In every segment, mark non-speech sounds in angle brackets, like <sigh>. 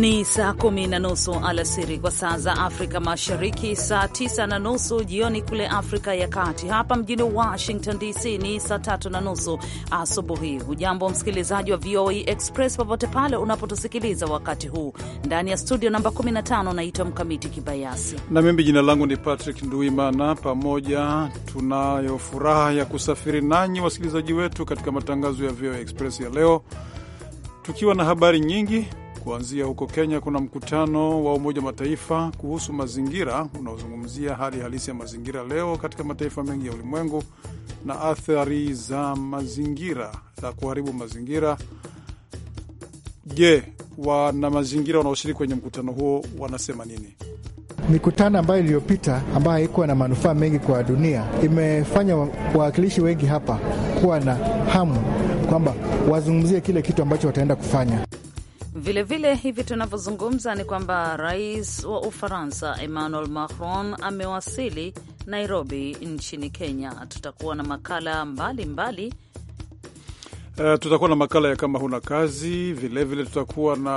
Ni saa kumi na nusu alasiri kwa saa za Afrika Mashariki, saa tisa na nusu jioni kule Afrika ya Kati. Hapa mjini Washington DC ni saa tatu na nusu asubuhi. Hujambo msikilizaji wa VOA Express popote pale unapotusikiliza wakati huu. Ndani ya studio namba 15 naitwa Mkamiti Kibayasi na mimi jina langu ni Patrick Nduimana. Pamoja tunayo furaha ya kusafiri nanyi wasikilizaji wetu katika matangazo ya VOA Express ya leo, tukiwa na habari nyingi Kuanzia huko Kenya, kuna mkutano wa Umoja wa Mataifa kuhusu mazingira unaozungumzia hali halisi ya mazingira leo katika mataifa mengi ya ulimwengu na athari za mazingira za kuharibu mazingira. Je, wana mazingira wanaoshiriki kwenye mkutano huo wanasema nini? Mikutano ambayo iliyopita ambayo haikuwa na manufaa mengi kwa dunia imefanya wawakilishi wengi hapa kuwa na hamu kwamba wazungumzie kile kitu ambacho wataenda kufanya. Vilevile hivi tunavyozungumza ni kwamba rais wa Ufaransa Emmanuel Macron amewasili Nairobi nchini Kenya. Tutakuwa na makala mbalimbali mbali. Uh, tutakuwa na makala ya kama huna kazi, vilevile vile tutakuwa na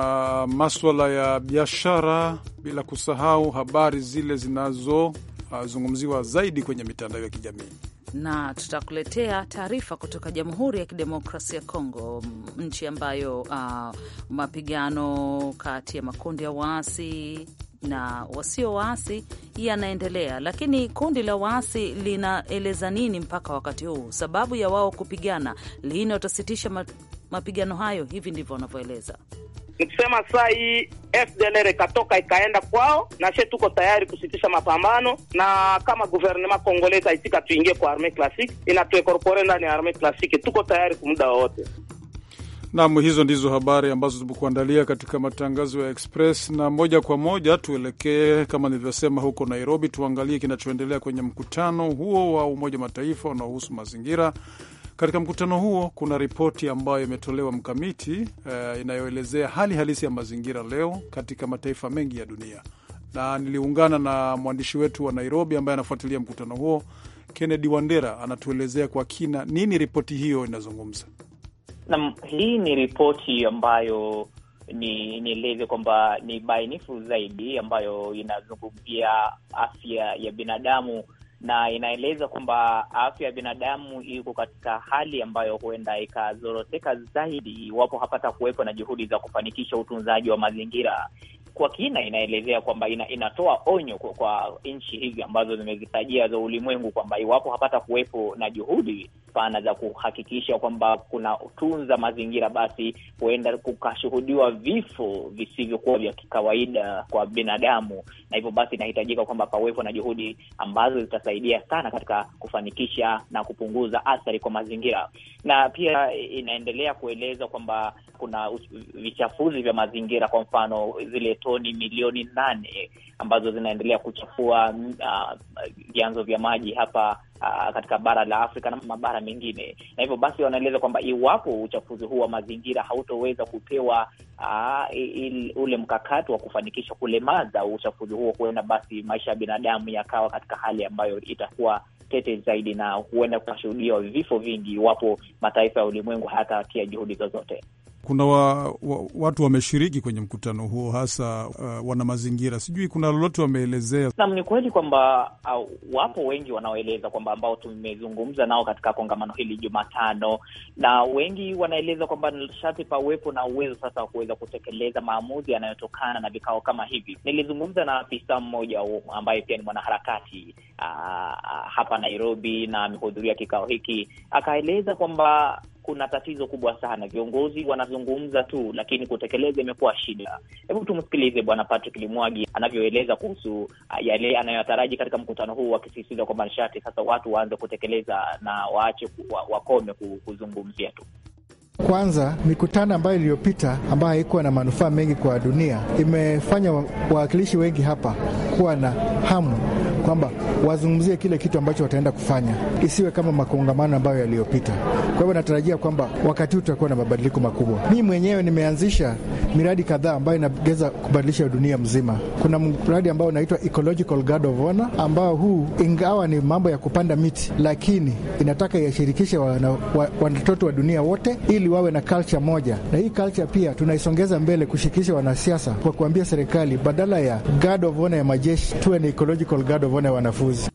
maswala ya biashara, bila kusahau habari zile zinazozungumziwa uh, zaidi kwenye mitandao ya kijamii na tutakuletea taarifa kutoka Jamhuri ya Kidemokrasia ya Kongo, nchi ambayo uh, mapigano kati ya makundi ya waasi na wasio waasi yanaendelea, lakini kundi la waasi linaeleza nini mpaka wakati huu sababu ya wao kupigana? Lini watasitisha mapigano hayo? Hivi ndivyo wanavyoeleza nikisema saa hii FDLR ikatoka ikaenda kwao, na she tuko tayari kusitisha mapambano, na kama guvernema Kongole itaitika tuingie kwa arme classique, inatuekorpore ndani ya arme klasiki tuko tayari muda wowote. Nam, hizo ndizo habari ambazo tumekuandalia katika matangazo ya Express, na moja kwa moja tuelekee kama nilivyosema, huko Nairobi, tuangalie kinachoendelea kwenye mkutano huo wa Umoja Mataifa unaohusu mazingira katika mkutano huo kuna ripoti ambayo imetolewa mkamiti, uh, inayoelezea hali halisi ya mazingira leo katika mataifa mengi ya dunia, na niliungana na mwandishi wetu wa Nairobi ambaye anafuatilia mkutano huo, Kennedy Wandera, anatuelezea kwa kina nini ripoti hiyo inazungumza. Nam, hii ni ripoti ambayo ni nieleze kwamba ni bainifu zaidi ambayo inazungumzia afya ya binadamu na inaeleza kwamba afya ya binadamu iko katika hali ambayo huenda ikazoroteka zaidi iwapo hapata kuwepo na juhudi za kufanikisha utunzaji wa mazingira kwa kina. Inaelezea kwamba ina, inatoa onyo kwa, kwa nchi hizi ambazo zimezitajia za ulimwengu kwamba iwapo hapata kuwepo na juhudi pana za kuhakikisha kwamba kuna tunza mazingira, basi huenda kukashuhudiwa vifo visivyokuwa vya kikawaida kwa binadamu, na hivyo basi inahitajika kwamba pawepo na juhudi ambazo zitasaidia sana katika kufanikisha na kupunguza athari kwa mazingira, na pia inaendelea kueleza kwamba kuna vichafuzi vya mazingira, kwa mfano zile toni milioni nane ambazo zinaendelea kuchafua mm, ah, vyanzo uh, vya maji hapa uh, katika bara la Afrika na mabara mengine, na hivyo basi wanaeleza kwamba iwapo uchafuzi huu wa mazingira hautoweza kupewa uh, il, ule mkakati wa kufanikisha kulemaza uchafuzi huo, huenda basi maisha ya binadamu yakawa katika hali ambayo itakuwa tete zaidi na huenda kukashuhudiwa vifo vingi iwapo mataifa ya ulimwengu hayatatia juhudi zozote kuna wa, wa, watu wameshiriki kwenye mkutano huo hasa uh, wana mazingira, sijui kuna lolote wameelezea? Naam, ni kweli kwamba uh, wapo wengi wanaoeleza kwamba ambao tumezungumza nao katika kongamano hili Jumatano, na wengi wanaeleza kwamba nishati pawepo na uwezo sasa wa kuweza kutekeleza maamuzi yanayotokana na vikao kama hivi. Nilizungumza na afisa mmoja ambaye pia ni mwanaharakati uh, hapa Nairobi na amehudhuria kikao hiki, akaeleza kwamba kuna tatizo kubwa sana. Viongozi wanazungumza tu, lakini kutekeleza imekuwa shida. Hebu tumsikilize Bwana Patrick Limwagi anavyoeleza kuhusu ah, yale anayotaraji katika mkutano huu, akisisitiza kwamba nishati sasa watu waanze kutekeleza na waache wakome kuzungumzia tu. Kwanza, mikutano ambayo iliyopita ambayo haikuwa na manufaa mengi kwa dunia imefanya wawakilishi wengi hapa kuwa na hamu kwamba wazungumzie kile kitu ambacho wataenda kufanya, isiwe kama makongamano ambayo yaliyopita. Kwa hivyo natarajia kwamba wakati huu tutakuwa na mabadiliko makubwa. mii mwenyewe nimeanzisha miradi kadhaa ambayo inageza kubadilisha dunia mzima. Kuna mradi ambao unaitwa Ecological Guard of Honor, ambao huu ingawa ni mambo ya kupanda miti, lakini inataka iashirikishe watoto wa dunia wote ili wawe na culture moja, na hii culture pia tunaisongeza mbele kushirikisha wanasiasa kwa kuambia serikali badala ya guard of honor ya majeshi tuwe ni ecological guard of tuone wanafunzi.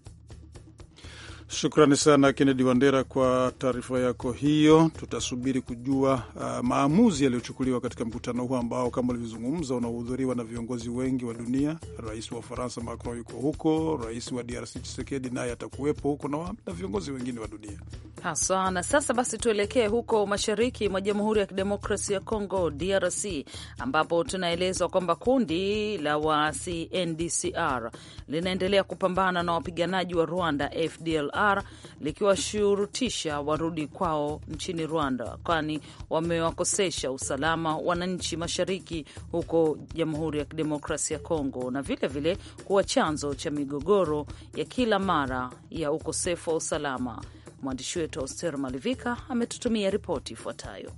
Shukrani sana Kennedy Wandera kwa taarifa yako hiyo. Tutasubiri kujua uh, maamuzi yaliyochukuliwa katika mkutano huo ambao kama ulivyozungumza unahudhuriwa na viongozi wengi wa dunia. Rais wa ufaransa Macron yuko huko, rais wa DRC chisekedi naye atakuwepo huko na, na viongozi wengine wa dunia haswa. Na sasa basi tuelekee huko mashariki mwa Jamhuri ya Kidemokrasi ya Congo, DRC, ambapo tunaelezwa kwamba kundi la waasi NDCR linaendelea kupambana na wapiganaji wa Rwanda FDL DR likiwashurutisha warudi kwao nchini Rwanda, kwani wamewakosesha usalama wananchi mashariki huko Jamhuri ya Kidemokrasia ya Kongo, na vilevile vile kuwa chanzo cha migogoro ya kila mara ya ukosefu wa usalama. Mwandishi wetu Auster Malivika ametutumia ripoti ifuatayo.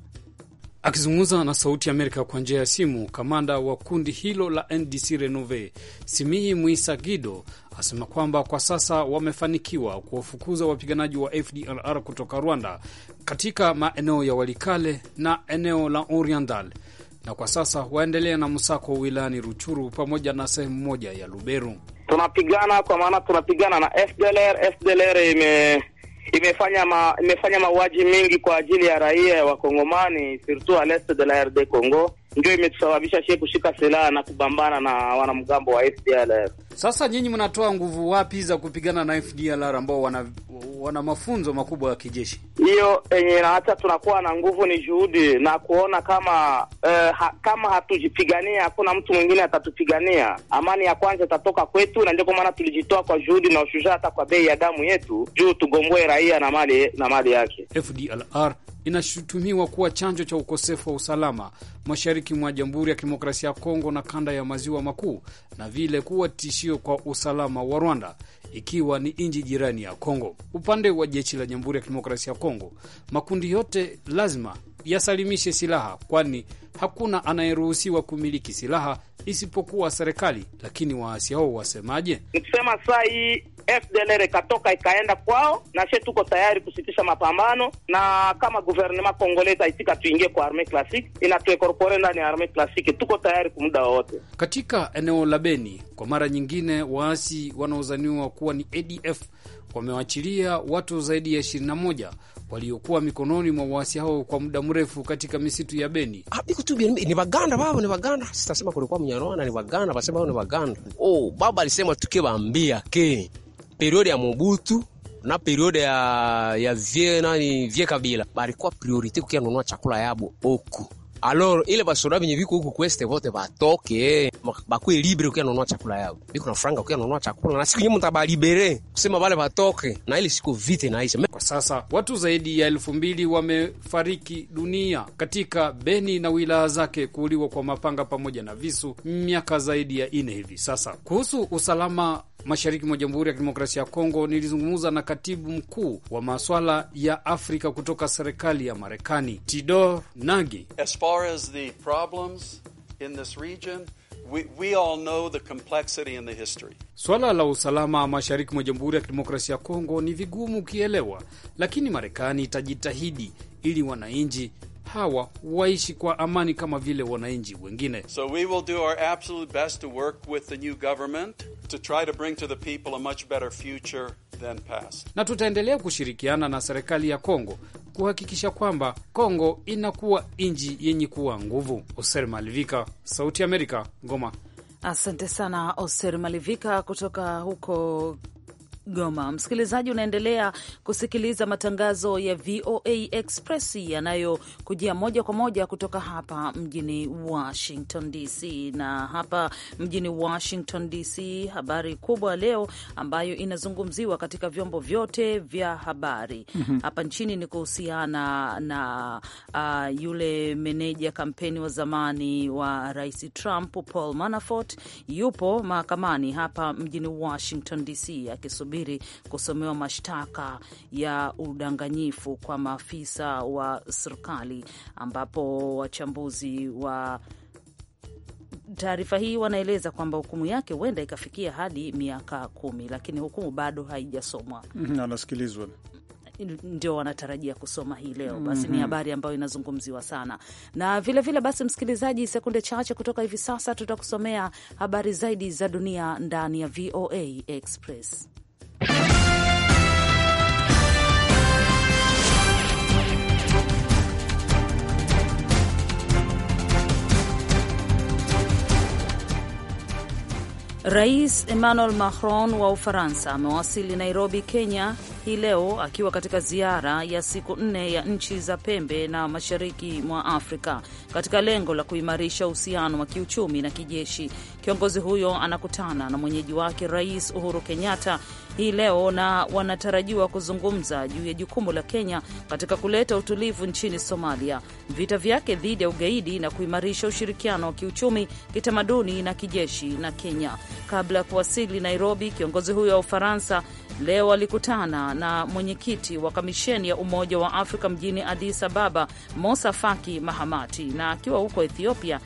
Akizungumza na Sauti ya Amerika kwa njia ya simu, kamanda wa kundi hilo la NDC Renove Simihi Mwisa Gido asema kwamba kwa sasa wamefanikiwa kuwafukuza wapiganaji wa FDLR kutoka Rwanda katika maeneo ya Walikale na eneo la Oriental, na kwa sasa waendelea na msako wilayani Ruchuru pamoja na sehemu moja ya Luberu. Tunapigana kwa maana tunapigana na FDLR. FDLR ime imefanya ma, imefanya mauaji mengi kwa ajili ya raia ya Wakongomani surtout a l'est de la RD Congo ndio imetusababisha sie kushika silaha na kupambana na wanamgambo wa FDLR. Sasa nyinyi mnatoa nguvu wapi za kupigana na FDLR ambao wana, wana mafunzo makubwa ya kijeshi? Hiyo yenye na hata tunakuwa na nguvu ni juhudi na kuona kama eh, ha, kama hatujipigania hakuna mtu mwingine atatupigania. Amani ya kwanza itatoka kwetu, na ndio kwa maana tulijitoa kwa juhudi na ushujaa hata kwa bei ya damu yetu juu tugomboe raia na mali na mali yake. FDLR inashutumiwa kuwa chanzo cha ukosefu wa usalama mashariki mwa Jamhuri ya Kidemokrasia ya Kongo na kanda ya maziwa makuu, na vile kuwa tishio kwa usalama wa Rwanda, ikiwa ni nchi jirani ya Kongo. Upande wa jeshi la Jamhuri ya Kidemokrasia ya Kongo, makundi yote lazima yasalimishe silaha, kwani hakuna anayeruhusiwa kumiliki silaha isipokuwa serikali. Lakini waasi hao wasemaje? Nikusema saa hii FDLR ikatoka ikaenda kwao, na sie tuko tayari kusitisha mapambano, na kama guvernema Kongole itaitika tuingie kwa arme klasiki, inatuekorpore ndani ya arme klasiki, tuko tayari kumuda wowote. Katika eneo la Beni, kwa mara nyingine, waasi wanaozaniwa kuwa ni ADF wamewachilia watu zaidi ya 21 waliokuwa mikononi mwa waasi hao kwa muda mrefu katika misitu ya Beni. Ah, ni Waganda baba, ni Waganda. Sitasema kulikuwa Mnyarwanda, ni Waganda, basema, ni Waganda. Oh, baba alisema tukiwaambia ke periode ya Mobutu na periode ya ya vie nani vie Kabila balikuwa priorite kukia nunua chakula yabo oku alors ile basoda venye viko huku kweste vote batoke bakwe libre kukia nunua chakula yabo, biko na franga kukia nunua chakula, na siku nyinyi mtabalibere kusema bale batoke, na ile siku vite naisha. Kwa sasa watu zaidi ya elfu mbili wamefariki dunia katika Beni na wilaya zake kuuliwa kwa mapanga pamoja na visu miaka zaidi ya ine hivi sasa. Kuhusu usalama mashariki mwa Jamhuri ya Kidemokrasia ya Kongo, nilizungumza na katibu mkuu wa maswala ya Afrika kutoka serikali ya Marekani, Tidor Nagi. As far as the problems in this region We, we all know the complexity and the history. Swala la usalama mashariki mwa Jamhuri ya Kidemokrasia ya Kongo ni vigumu ukielewa, lakini Marekani itajitahidi ili wananchi hawa waishi kwa amani kama vile wananchi wengine. So we will do our absolute best to work with the new government to try to bring to the people a much better future than past. Na tutaendelea kushirikiana na serikali ya Kongo kuhakikisha kwamba Kongo inakuwa nchi yenye kuwa nguvu. Oser Malivika, Sauti ya Amerika, Goma. Asante sana Oser Malivika kutoka huko Goma. Msikilizaji, unaendelea kusikiliza matangazo ya VOA Express yanayokujia moja kwa moja kutoka hapa mjini Washington DC. Na hapa mjini Washington DC, habari kubwa leo ambayo inazungumziwa katika vyombo vyote vya habari mm -hmm. hapa nchini ni kuhusiana na uh, yule meneja kampeni wa zamani wa Rais Trump Paul Manafort yupo mahakamani hapa mjini Washington DC akisubiri wanasubiri kusomewa mashtaka ya udanganyifu kwa maafisa wa serikali, ambapo wachambuzi wa taarifa hii wanaeleza kwamba hukumu yake huenda ikafikia hadi miaka kumi, lakini hukumu bado haijasomwa mm-hmm. anasikilizwa ndio wanatarajia kusoma hii leo. Basi mm -hmm. Ni mm-hmm. habari ambayo inazungumziwa sana na vilevile vile. Basi msikilizaji, sekunde chache kutoka hivi sasa tutakusomea habari zaidi za dunia ndani ya VOA Express. Rais Emmanuel Macron wa Ufaransa amewasili Nairobi, Kenya hii leo akiwa katika ziara ya siku nne ya nchi za pembe na mashariki mwa Afrika katika lengo la kuimarisha uhusiano wa kiuchumi na kijeshi. Kiongozi huyo anakutana na mwenyeji wake Rais Uhuru Kenyatta hii leo na wanatarajiwa kuzungumza juu ya jukumu la Kenya katika kuleta utulivu nchini Somalia, vita vyake dhidi ya ugaidi na kuimarisha ushirikiano wa kiuchumi, kitamaduni na kijeshi na Kenya. Kabla ya kuwasili Nairobi, kiongozi huyo wa Ufaransa leo alikutana na mwenyekiti wa kamisheni ya Umoja wa Afrika mjini Addis Ababa, Mosa Faki Mahamati, na akiwa huko Ethiopia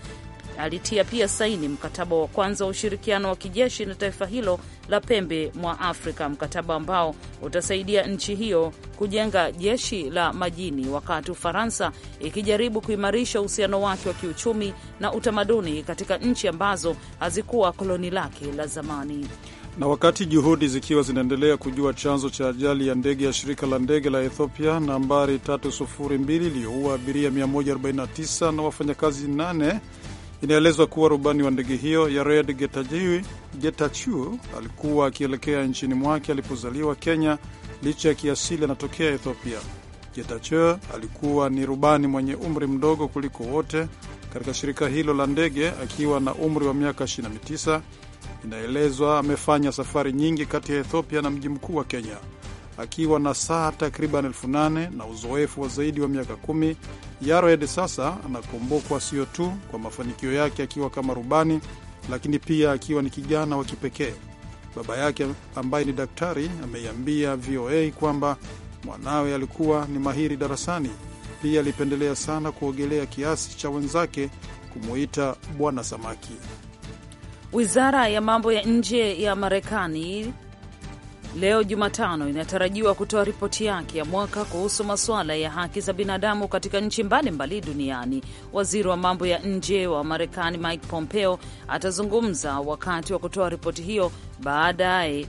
alitia pia saini mkataba wa kwanza wa ushirikiano wa kijeshi na taifa hilo la pembe mwa Afrika, mkataba ambao utasaidia nchi hiyo kujenga jeshi la majini, wakati Ufaransa ikijaribu kuimarisha uhusiano wake wa kiuchumi na utamaduni katika nchi ambazo hazikuwa koloni lake la zamani. Na wakati juhudi zikiwa zinaendelea kujua chanzo cha ajali ya ndege ya shirika la ndege la Ethiopia nambari 302 iliyoua abiria 149 na wafanyakazi 8 Inaelezwa kuwa rubani wa ndege hiyo Yared Getachew alikuwa akielekea nchini mwake alipozaliwa Kenya, licha ya kiasili anatokea Ethiopia. Getachew alikuwa ni rubani mwenye umri mdogo kuliko wote katika shirika hilo la ndege akiwa na umri wa miaka 29. Inaelezwa amefanya safari nyingi kati ya Ethiopia na mji mkuu wa Kenya akiwa na saa takriban elfu nane na uzoefu wa zaidi wa miaka kumi. Yared sasa anakumbukwa sio tu kwa mafanikio yake akiwa kama rubani, lakini pia akiwa ni kijana wa kipekee. Baba yake ambaye ni daktari ameiambia VOA kwamba mwanawe alikuwa ni mahiri darasani. Pia alipendelea sana kuogelea kiasi cha wenzake kumuita bwana samaki. Wizara ya mambo ya nje ya Marekani leo Jumatano inatarajiwa kutoa ripoti yake ya mwaka kuhusu masuala ya haki za binadamu katika nchi mbalimbali duniani. Waziri wa mambo ya nje wa Marekani Mike Pompeo atazungumza wakati wa kutoa ripoti hiyo baadaye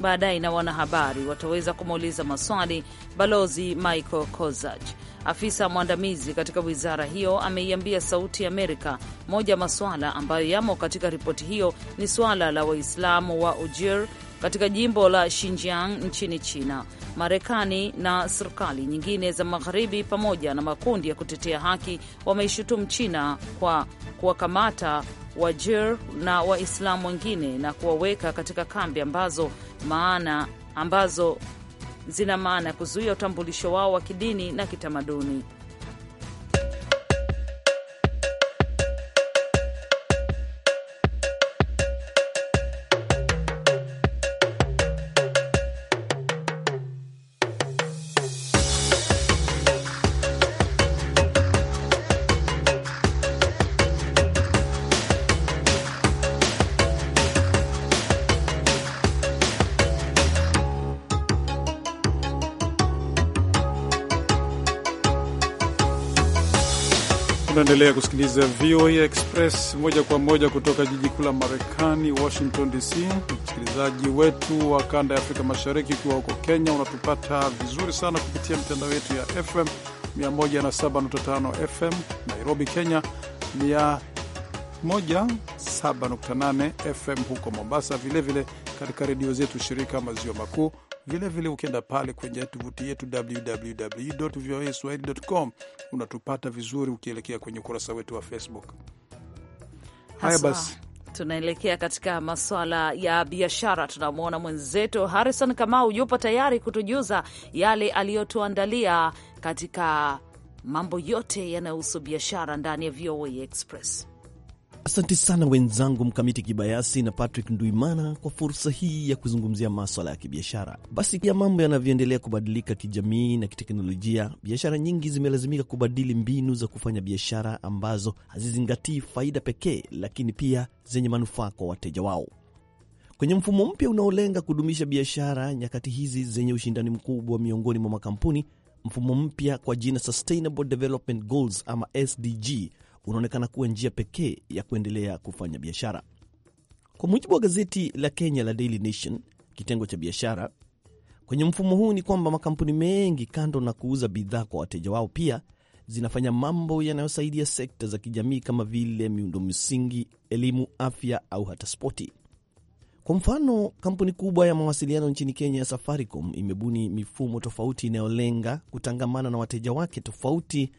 baadaye na wanahabari wataweza kumuuliza maswali balozi Michael Kozach. Afisa mwandamizi katika wizara hiyo ameiambia Sauti ya Amerika moja maswala ambayo yamo katika ripoti hiyo ni suala la Waislamu wa Ujir katika jimbo la Xinjiang nchini China. Marekani na serikali nyingine za magharibi pamoja na makundi ya kutetea haki wameishutumu China kwa kuwakamata Wajir na Waislamu wengine na kuwaweka katika kambi ambazo maana ambazo zina maana ya kuzuia utambulisho wao wa kidini na kitamaduni. Unaendelea kusikiliza VOA Express moja kwa moja kutoka jiji kuu la Marekani, Washington DC. Msikilizaji wetu wa kanda ya Afrika Mashariki, ukiwa huko Kenya, unatupata vizuri sana kupitia mitandao yetu ya FM 107.5 FM Nairobi, Kenya, 107.8 FM huko Mombasa, vilevile katika redio zetu shirika maziwa makuu Vilevile ukienda pale kwenye tovuti yetu www voa unatupata vizuri, ukielekea kwenye ukurasa wetu wa Facebook. Haya basi tunaelekea katika maswala ya biashara. Tunamwona mwenzetu Harrison Kamau yupo tayari kutujuza yale aliyotuandalia katika mambo yote yanayohusu biashara ndani ya VOA Express. Asante sana wenzangu Mkamiti Kibayasi na Patrick Nduimana kwa fursa hii ya kuzungumzia maswala ya kibiashara. Basi ya mambo yanavyoendelea kubadilika kijamii na kiteknolojia, biashara nyingi zimelazimika kubadili mbinu za kufanya biashara ambazo hazizingatii faida pekee, lakini pia zenye manufaa kwa wateja wao. Kwenye mfumo mpya unaolenga kudumisha biashara nyakati hizi zenye ushindani mkubwa miongoni mwa makampuni, mfumo mpya kwa jina Sustainable Development Goals ama SDG unaonekana kuwa njia pekee ya kuendelea kufanya biashara. Kwa mujibu wa gazeti la Kenya la Daily Nation, kitengo cha biashara, kwenye mfumo huu ni kwamba makampuni mengi, kando na kuuza bidhaa kwa wateja wao, pia zinafanya mambo yanayosaidia sekta za kijamii kama vile miundo msingi, elimu, afya au hata spoti. Kwa mfano, kampuni kubwa ya mawasiliano nchini Kenya ya Safaricom imebuni mifumo tofauti inayolenga kutangamana na wateja wake tofauti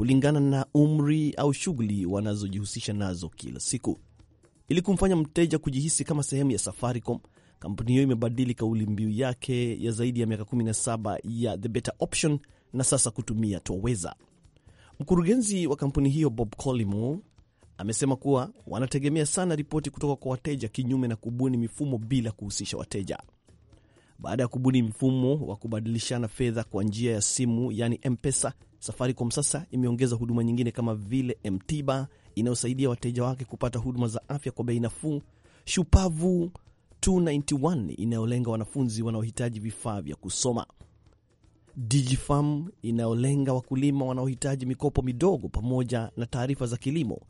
kulingana na umri au shughuli wanazojihusisha nazo kila siku. Ili kumfanya mteja kujihisi kama sehemu ya Safaricom, kampuni hiyo imebadili kauli mbiu yake ya zaidi ya miaka 17 ya the better option na sasa kutumia Twaweza. Mkurugenzi wa kampuni hiyo Bob Collymore amesema kuwa wanategemea sana ripoti kutoka kwa wateja, kinyume na kubuni mifumo bila kuhusisha wateja. Baada ya kubuni mfumo wa kubadilishana fedha kwa njia ya simu, yani mpesa Safaricom sasa imeongeza huduma nyingine kama vile mtiba inayosaidia wateja wake kupata huduma za afya kwa bei nafuu, Shupavu 291 inayolenga wanafunzi wanaohitaji vifaa vya kusoma, Digifarm inayolenga wakulima wanaohitaji mikopo midogo pamoja na taarifa za kilimo,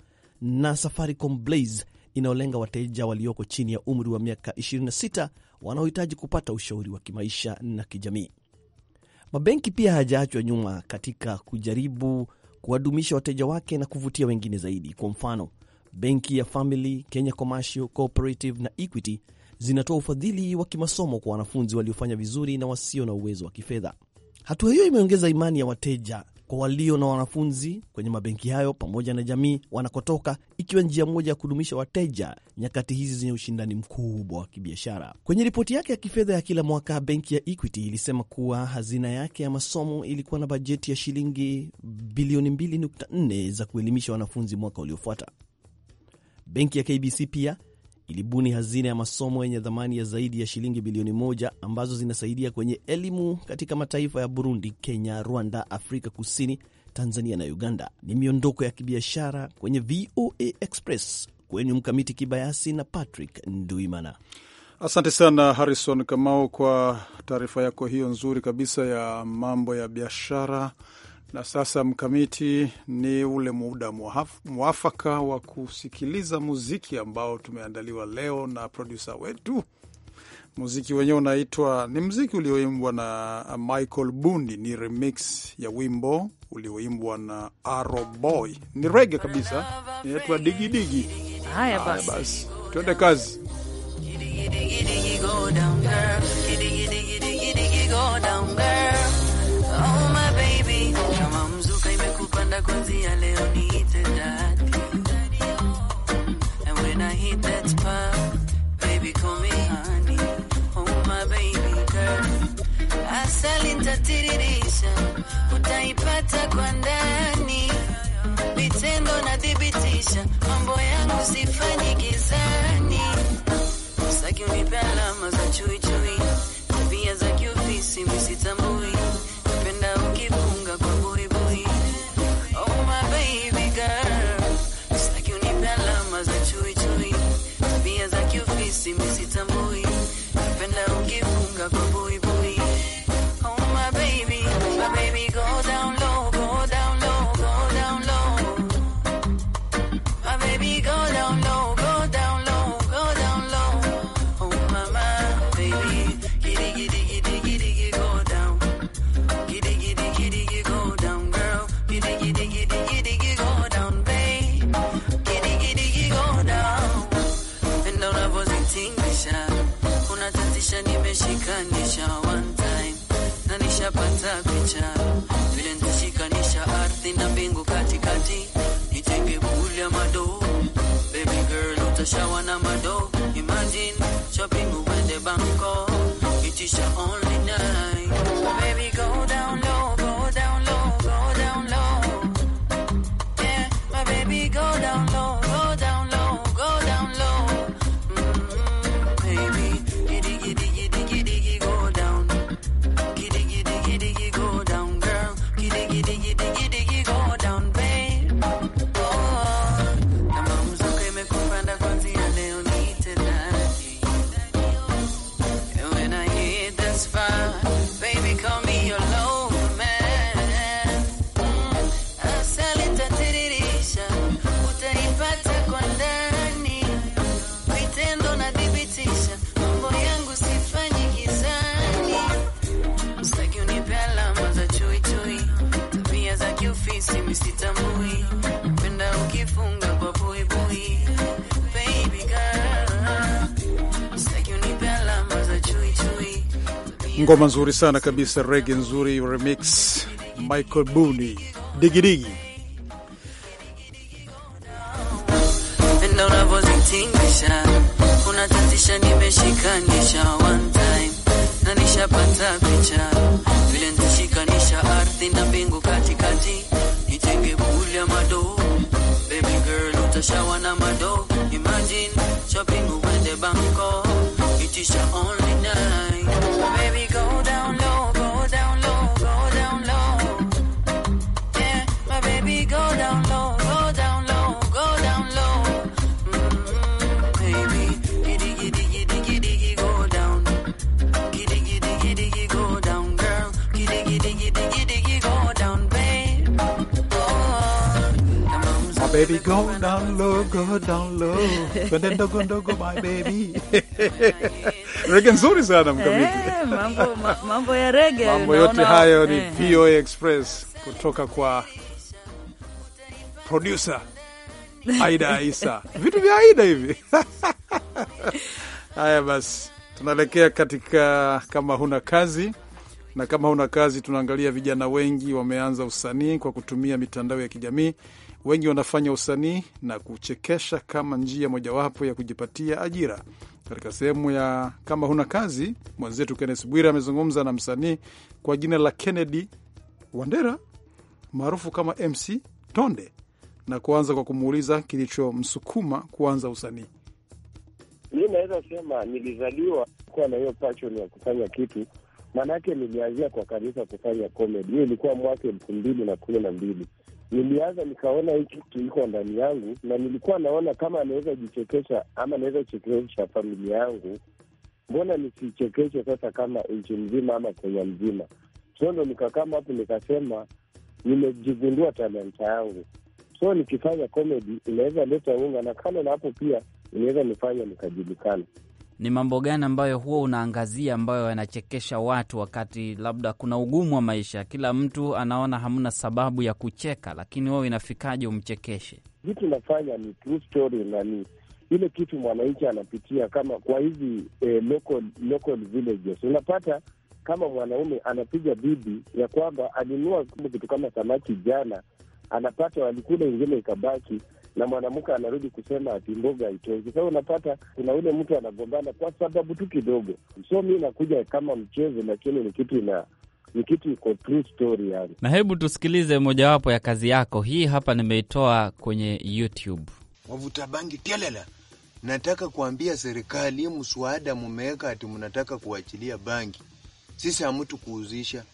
na Safaricom Blaze inayolenga wateja walioko chini ya umri wa miaka 26 wanaohitaji kupata ushauri wa kimaisha na kijamii. Mabenki pia hayajaachwa nyuma katika kujaribu kuwadumisha wateja wake na kuvutia wengine zaidi. Kwa mfano, benki ya Family, Kenya Commercial Cooperative na Equity zinatoa ufadhili wa kimasomo kwa wanafunzi waliofanya vizuri na wasio na uwezo wa kifedha. Hatua hiyo imeongeza imani ya wateja kwa walio na wanafunzi kwenye mabenki hayo pamoja na jamii wanakotoka, ikiwa njia moja ya kudumisha wateja nyakati hizi zenye ushindani mkubwa wa kibiashara. Kwenye ripoti yake ya kifedha ya kila mwaka, benki ya Equity ilisema kuwa hazina yake ya masomo ilikuwa na bajeti ya shilingi bilioni 2.4 za kuelimisha wanafunzi mwaka uliofuata. Benki ya KBC pia ilibuni hazina ya masomo yenye thamani ya zaidi ya shilingi bilioni moja ambazo zinasaidia kwenye elimu katika mataifa ya Burundi, Kenya, Rwanda, Afrika Kusini, Tanzania na Uganda. Ni miondoko ya kibiashara kwenye VOA Express kwenye Mkamiti Kibayasi na Patrick Nduimana. Asante sana Harrison Kamau kwa taarifa yako hiyo nzuri kabisa ya mambo ya biashara na sasa Mkamiti, ni ule muda mwafaka wa kusikiliza muziki ambao tumeandaliwa leo na produsa wetu. Muziki wenyewe unaitwa ni muziki ulioimbwa na Michael Bundi, ni remix ya wimbo ulioimbwa na Arrow Boy, ni rege kabisa, inaitwa digidigi. Haya basi, tuende kazi. Digi digi digi Oh, Asali nitatiririsha, utaipata kwa ndani. Vitendo nadhibitisha, mambo yangu sifanyi gizani. Saki unipe alama za chui chui, tabia za kiofisi misitambui Ngoma nzuri sana kabisa, rege nzuri, remix Michael Buni, digidigi ah. unatatisha, nimeshikanisha one time na nishapata picha vile ardhi na mbingu katikati, nitenge mado. Baby girl utashawa na mado, imagine shopping uende Bangkok is your only night. Baby baby, go down low, go down low, kwende ndogo ndogo, my baby. <laughs> Rege nzuri sana mkamiti. Hey, eh, mambo, mambo ya rege, mambo yote hayo ni hey, eh. Express kutoka kwa producer Aida Isa. <laughs> Vitu vya Aida hivi. <laughs> Haya basi, tunaelekea katika kama huna kazi na kama huna kazi, tunaangalia vijana wengi wameanza usanii kwa kutumia mitandao ya kijamii Wengi wanafanya usanii na kuchekesha kama njia mojawapo ya kujipatia ajira. Katika sehemu ya kama huna kazi, mwenzetu Kennes Bwire amezungumza na msanii kwa jina la Kennedy Wandera maarufu kama MC Tonde na kuanza kwa kumuuliza kilichomsukuma kuanza usanii. Mi naweza sema nilizaliwa kuwa na hiyo passion ya kufanya kitu, maanake nilianzia kwa kanisa kufanya comedy. Hiyo ilikuwa mwaka elfu mbili na kumi na mbili nilianza nikaona hii kitu iko ndani yangu, na nilikuwa naona kama anaweza jichekesha ama anaweza chekesha familia yangu, mbona nisichekeshe sasa kama nchi mzima ama Kenya mzima? So ndo nikakama hapo nikasema nimejigundua talanta yangu, so nikifanya comedy inaweza leta unga, na kando na hapo pia inaweza nifanya nikajulikana ni mambo gani ambayo huwa unaangazia ambayo yanachekesha watu, wakati labda kuna ugumu wa maisha, kila mtu anaona hamna sababu ya kucheka, lakini wewe inafikaje umchekeshe? Vitu nafanya ni true story na ni ile kitu mwananchi anapitia, kama kwa hizi eh, local, local villages unapata kama mwanaume anapiga bibi ya kwamba alinua kitu kama samaki jana, anapata walikula ingine ikabaki na mwanamke anarudi kusema ati mboga haitozi. Sasa unapata kuna ule mtu anagombana kwa sababu tu kidogo. So mi nakuja kama mchezo, lakini ni kitu ina ni kitu iko true story yani. Na hebu tusikilize mojawapo ya kazi yako hii hapa, nimeitoa kwenye YouTube. Wavuta bangi telela, nataka kuambia serikali, mswada mumeweka ati mnataka kuachilia bangi, sisi hamutu kuuzisha,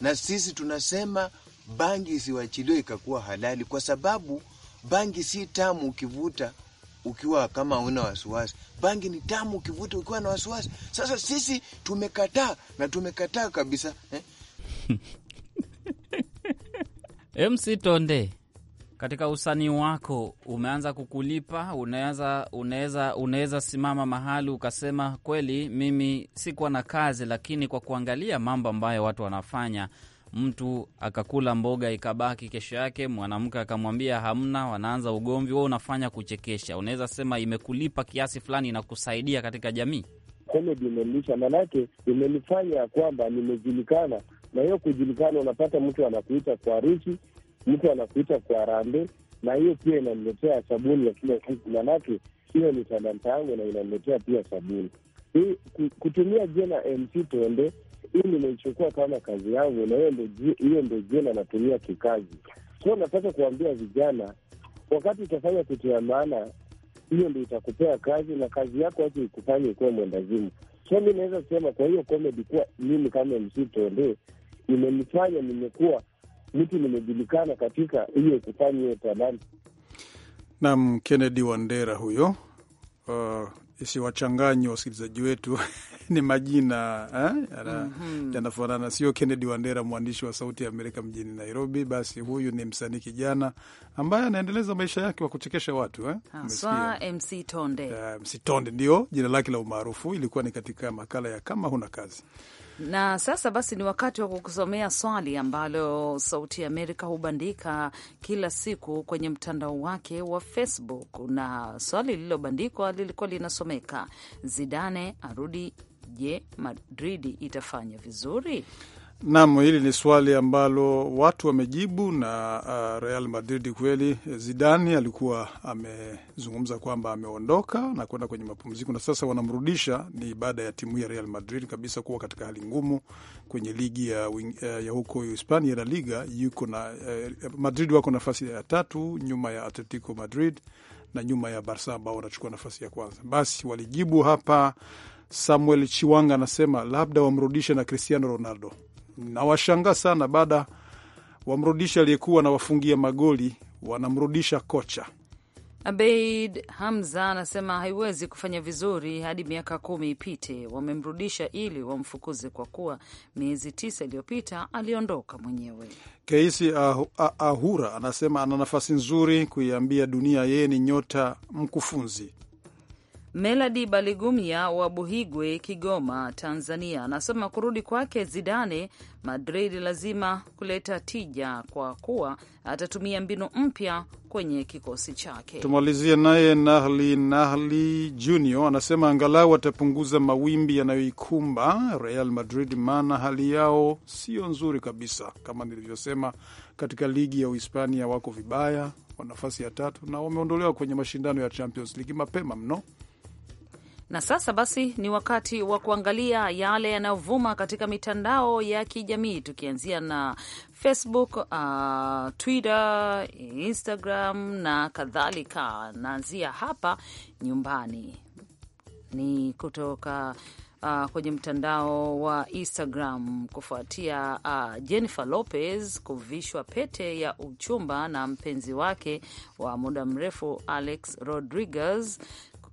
na sisi tunasema bangi isiwachiliwe ikakuwa halali, kwa sababu bangi si tamu ukivuta ukiwa kama una wasiwasi. Bangi ni tamu ukivuta ukiwa na wasiwasi. Sasa sisi tumekataa na tumekataa kabisa eh? <laughs> MC Tonde, katika usanii wako umeanza kukulipa, unaweza unaweza unaweza simama mahali ukasema kweli, mimi sikuwa na kazi, lakini kwa kuangalia mambo ambayo watu wanafanya mtu akakula mboga ikabaki, kesho yake mwanamke akamwambia hamna, wanaanza ugomvi. Wewe unafanya kuchekesha, unaweza sema imekulipa kiasi fulani, inakusaidia katika jamii. Komedi imelilisha, maanake imenifanya kwamba nimejulikana, na hiyo kujulikana, unapata mtu anakuita kwa Rusi, mtu anakuita kwa Rambe, na hiyo pia inaniletea sabuni ya kila siku, maanake hiyo ni talanta yangu na inaniletea pia sabuni hii kutumia jina MC Twende hii nimeichukua kama kazi yangu, na hiyo ndo jina natumia kikazi. So nataka kuambia vijana, wakati utafanya kitu ya maana, hiyo ndo itakupea kazi, na kazi yako wacha ikufanye ukuwe mwendazimu. So mi naweza kusema kwa hiyo komedi kuwa mimi kama MC Tonde imenifanya nimekuwa mtu nimejulikana katika hiyo kufanya hiyo talanta. Nam Kennedy Wandera huyo. Uh, siwachanganye wasikilizaji wetu <laughs> ni majina mm -hmm. yanafanana, sio Kennedy Wandera, mwandishi wa Sauti ya Amerika mjini Nairobi. Basi huyu ni msanii kijana ambaye anaendeleza maisha yake wa kuchekesha watu eh? MC Tonde. Uh, eh, MC Tonde ndio jina lake la umaarufu. Ilikuwa ni katika makala ya kama huna kazi na sasa basi ni wakati wa kukusomea swali ambalo Sauti ya Amerika hubandika kila siku kwenye mtandao wake wa Facebook, na swali lililobandikwa lilikuwa linasomeka Zidane arudi Je, Madridi itafanya vizuri? Naam, hili ni swali ambalo watu wamejibu na uh, Real Madrid kweli, Zidani alikuwa amezungumza kwamba ameondoka na kwenda kwenye mapumziko na sasa wanamrudisha. Ni baada ya timu ya Real Madrid kabisa kuwa katika hali ngumu kwenye ligi ya, eh, ya huko Hispania La Liga. Yuko na uh, Madrid wako nafasi ya tatu nyuma ya Atletico Madrid na nyuma ya Barca ambao wanachukua nafasi ya kwanza. Basi walijibu hapa, Samuel Chiwanga anasema labda wamrudishe na Cristiano Ronaldo nawashangaa sana, baada wamrudisha aliyekuwa nawafungia magoli, wanamrudisha kocha. Abeid Hamza anasema haiwezi kufanya vizuri hadi miaka kumi ipite, wamemrudisha ili wamfukuze kwa kuwa miezi tisa iliyopita aliondoka mwenyewe. Keisi Ahura anasema ana nafasi nzuri kuiambia dunia yeye ni nyota mkufunzi Meladi Baligumya wa Buhigwe, Kigoma, Tanzania, anasema kurudi kwake Zidane Madrid lazima kuleta tija kwa kuwa atatumia mbinu mpya kwenye kikosi chake. Tumalizie naye Nahli Nahli Junior anasema angalau atapunguza mawimbi yanayoikumba Real Madrid, maana hali yao sio nzuri kabisa. Kama nilivyosema, katika ligi ya Uhispania wako vibaya, wa nafasi ya tatu na wameondolewa kwenye mashindano ya Champions League mapema mno. Na sasa basi ni wakati wa kuangalia yale yanayovuma katika mitandao ya kijamii tukianzia na Facebook, uh, Twitter, Instagram na kadhalika. Naanzia hapa nyumbani, ni kutoka Uh, kwenye mtandao wa Instagram kufuatia uh, Jennifer Lopez kuvishwa pete ya uchumba na mpenzi wake wa muda mrefu Alex Rodriguez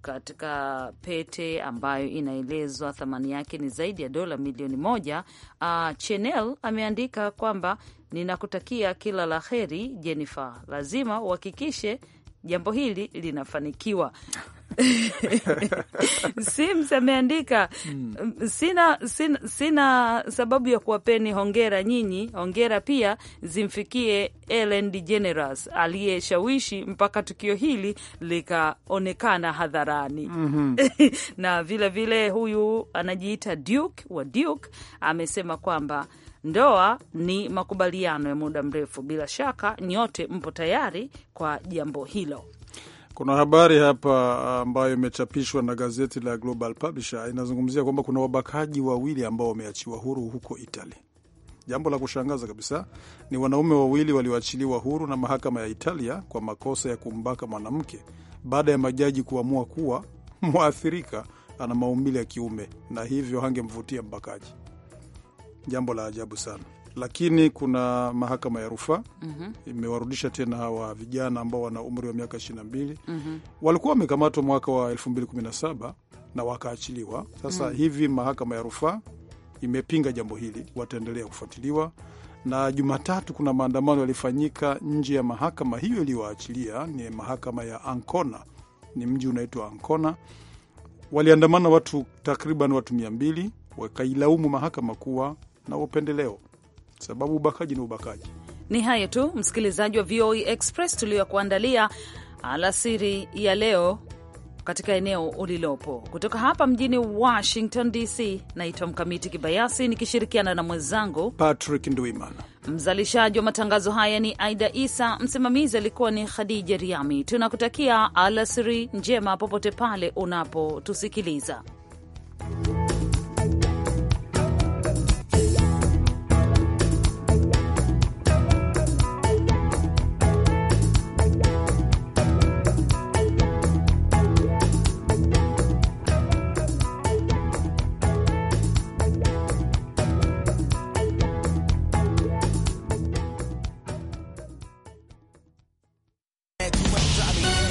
katika pete ambayo inaelezwa thamani yake ni zaidi ya dola milioni moja. Uh, ah, Chenel ameandika kwamba ninakutakia kila la heri Jennifer, lazima uhakikishe jambo hili linafanikiwa. <laughs> Sims ameandika hmm. Sina, sina, sina sababu ya kuwapeni hongera nyinyi. Hongera pia zimfikie Ellen DeGeneres aliyeshawishi mpaka tukio hili likaonekana hadharani mm -hmm. <laughs> na vilevile vile huyu anajiita Duke wa Duke amesema kwamba ndoa ni makubaliano ya muda mrefu. Bila shaka nyote mpo tayari kwa jambo hilo. Kuna habari hapa uh, ambayo imechapishwa na gazeti la Global Publisher, inazungumzia kwamba kuna wabakaji wawili ambao wameachiwa huru huko Italy. Jambo la kushangaza kabisa ni wanaume wawili walioachiliwa huru na mahakama ya Italia kwa makosa ya kumbaka mwanamke baada ya majaji kuamua kuwa <laughs> mwathirika ana maumbile ya kiume na hivyo hangemvutia mbakaji. Jambo la ajabu sana lakini kuna mahakama ya rufaa mm -hmm. imewarudisha tena hawa vijana ambao wana umri wa miaka mbili mm -hmm. walikuwa wamekamatwa mwaka wa kumi na wakaachiliwa. Sasa mm -hmm. hivi mahakama ya rufaa imepinga jambo hili, wataendelea kufuatiliwa na Jumatatu kuna maandamano yalifanyika nje ya mahakama hiyo iliyoachilia, ni mahakama ya Ancona, ni mji unaitwa Ancona. Waliandamana watu takriban watu mia mbili, wakailaumu mahakama kuwa na upendeleo sababu ubakaji ni ubakaji. Ni hayo tu, msikilizaji wa VOA e Express tuliyokuandalia alasiri ya leo katika eneo ulilopo. Kutoka hapa mjini Washington DC, naitwa Mkamiti Kibayasi nikishirikiana na mwenzangu Patrick Ndwimana. Mzalishaji wa matangazo haya ni Aida Isa, msimamizi alikuwa ni Khadija Riami. Tunakutakia alasiri njema popote pale unapotusikiliza.